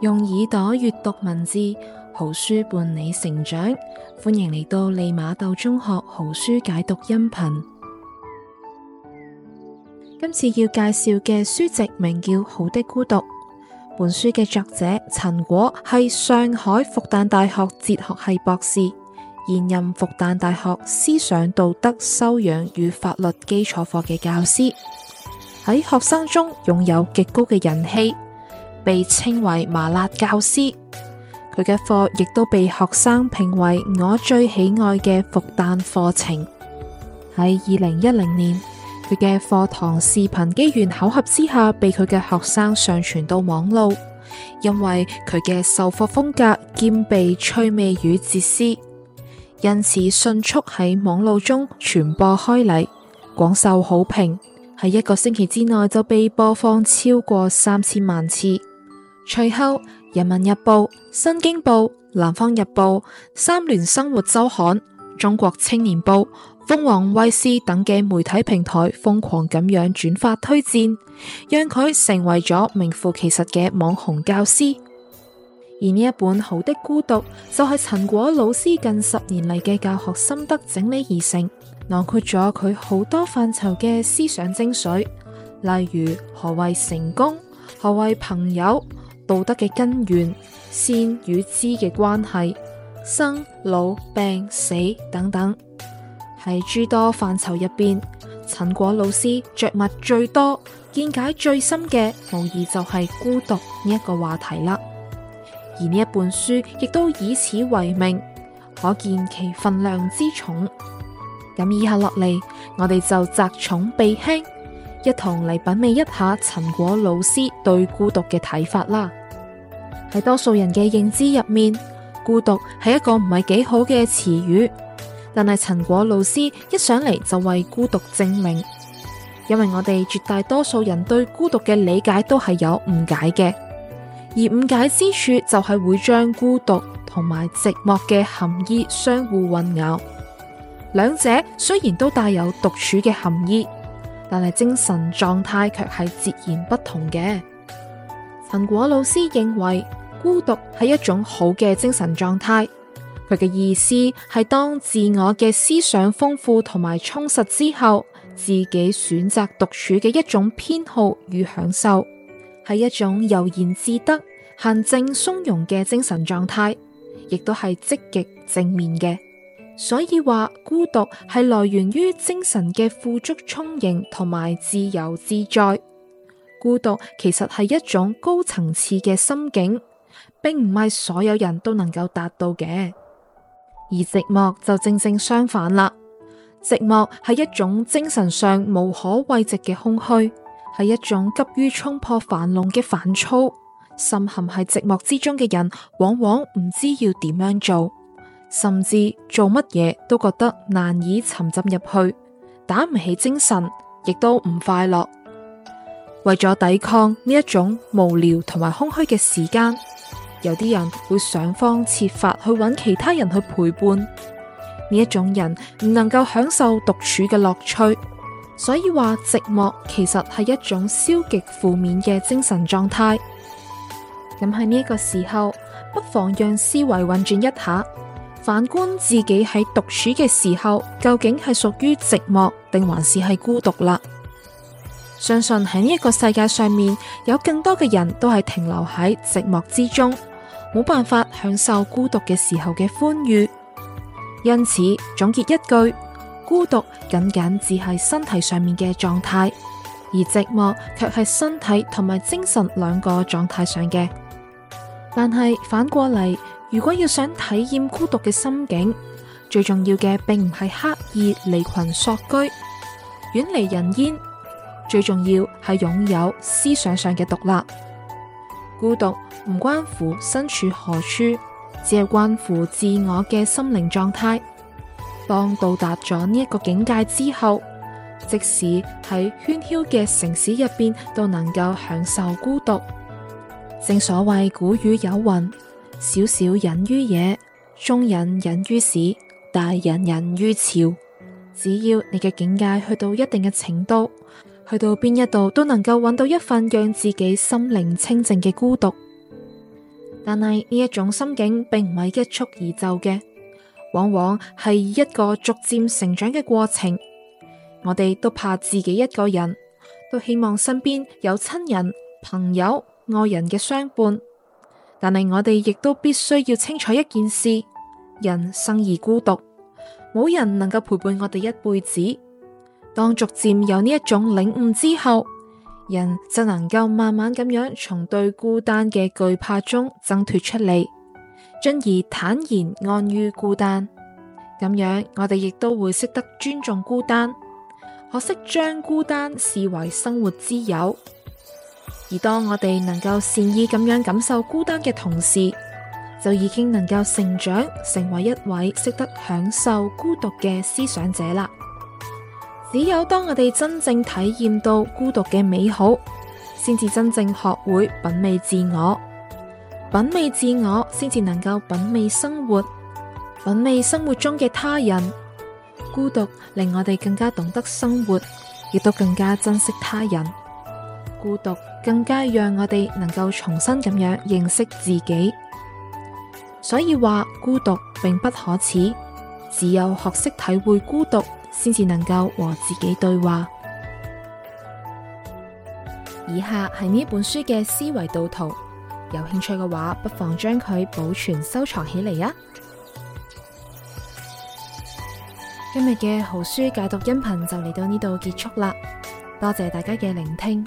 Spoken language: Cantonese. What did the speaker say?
用耳朵閱讀文字，好書伴你成長。歡迎嚟到利馬竇中學好書解讀音頻。今次要介紹嘅書籍名叫《好的孤獨》。本書嘅作者陳果係上海復旦大學哲學系博士，現任復旦大學思想道德修養與法律基礎課嘅教師，喺學生中擁有極高嘅人氣。被稱為麻辣教師，佢嘅課亦都被學生評為我最喜愛嘅複旦課程。喺二零一零年，佢嘅課堂視頻機緣巧合之下被佢嘅學生上傳到網路，因為佢嘅授課風格兼備趣味與哲思，因此迅速喺網路中傳播開嚟，廣受好評。喺一個星期之內就被播放超過三千萬次。隨後，《人民日報》《新京報》《南方日報》《三聯生活周刊》《中國青年報》《鳳凰衛視》等嘅媒體平台瘋狂咁樣轉發推薦，讓佢成為咗名副其實嘅網紅教師。而呢一本《好的孤獨》，就係陳果老師近十年嚟嘅教學心得整理而成，囊括咗佢好多範疇嘅思想精髓，例如何謂成功，何謂朋友。道德嘅根源、善與知嘅關係、生老病死等等，喺諸多範疇入邊，陳果老師着墨最多、見解最深嘅，無疑就係孤獨呢一個話題啦。而呢一本書亦都以此為名，可見其份量之重。咁以下落嚟，我哋就擇重避輕。一同嚟品味一下陳果老師對孤獨嘅睇法啦。喺多數人嘅認知入面，孤獨係一個唔係幾好嘅詞語。但係陳果老師一上嚟就為孤獨證明，因為我哋絕大多數人對孤獨嘅理解都係有誤解嘅，而誤解之處就係會將孤獨同埋寂寞嘅含義相互混淆。兩者雖然都帶有獨處嘅含義。但係精神狀態卻係截然不同嘅。陳果老師認為孤獨係一種好嘅精神狀態，佢嘅意思係當自我嘅思想豐富同埋充實之後，自己選擇獨處嘅一種偏好與享受，係一種悠然自得、閒靜從容嘅精神狀態，亦都係積極正面嘅。所以話孤獨係來源於精神嘅富足充盈同埋自由自在。孤獨其實係一種高層次嘅心境，並唔係所有人都能夠達到嘅。而寂寞就正正相反啦。寂寞係一種精神上無可慰藉嘅空虛，係一種急於衝破樊籠嘅煩躁。深陷喺寂寞之中嘅人，往往唔知要點樣做。甚至做乜嘢都覺得難以沉浸入去，打唔起精神，亦都唔快樂。為咗抵抗呢一種無聊同埋空虛嘅時間，有啲人會想方設法去揾其他人去陪伴。呢一種人唔能夠享受獨處嘅樂趣，所以話寂寞其實係一種消極負面嘅精神狀態。咁喺呢個時候，不妨讓思維運轉一下。反觀自己喺獨處嘅時候，究竟係屬於寂寞，定還是係孤獨啦？相信喺呢一個世界上面，有更多嘅人都係停留喺寂寞之中，冇辦法享受孤獨嘅時候嘅歡愉。因此總結一句：孤獨僅僅只係身體上面嘅狀態，而寂寞卻係身體同埋精神兩個狀態上嘅。但係反過嚟。如果要想體驗孤獨嘅心境，最重要嘅並唔係刻意離群索居、遠離人煙，最重要係擁有思想上嘅獨立。孤獨唔關乎身處何處，只係關乎自我嘅心靈狀態。當到達咗呢一個境界之後，即使喺喧囂嘅城市入邊，都能夠享受孤獨。正所謂古語有云。少少隱於野，中隱隱於市，大隱隱於潮。只要你嘅境界去到一定嘅程度，去到邊一度都能夠揾到一份讓自己心靈清淨嘅孤獨。但係呢一種心境並唔係一蹴而就嘅，往往係一個逐漸成長嘅過程。我哋都怕自己一個人，都希望身邊有親人、朋友、愛人嘅相伴。但係我哋亦都必須要清楚一件事：人生而孤獨，冇人能夠陪伴我哋一輩子。當逐漸有呢一種領悟之後，人就能夠慢慢咁樣從對孤單嘅懼怕中掙脫出嚟，進而坦然安於孤單。咁樣我哋亦都會識得尊重孤單，學識將孤單視為生活之友。而當我哋能夠善意咁樣感受孤單嘅同時，就已經能夠成長成為一位識得享受孤獨嘅思想者啦。只有當我哋真正體驗到孤獨嘅美好，先至真正學會品味自我，品味自我先至能夠品味生活，品味生活中嘅他人。孤獨令我哋更加懂得生活，亦都更加珍惜他人。孤獨，更加讓我哋能夠重新咁樣認識自己，所以話孤獨並不可恥，只有學識體會孤獨，先至能夠和自己對話。以下係呢本書嘅思維導圖，有興趣嘅話，不妨將佢保存收藏起嚟啊！今日嘅好書解讀音頻就嚟到呢度結束啦，多謝大家嘅聆聽。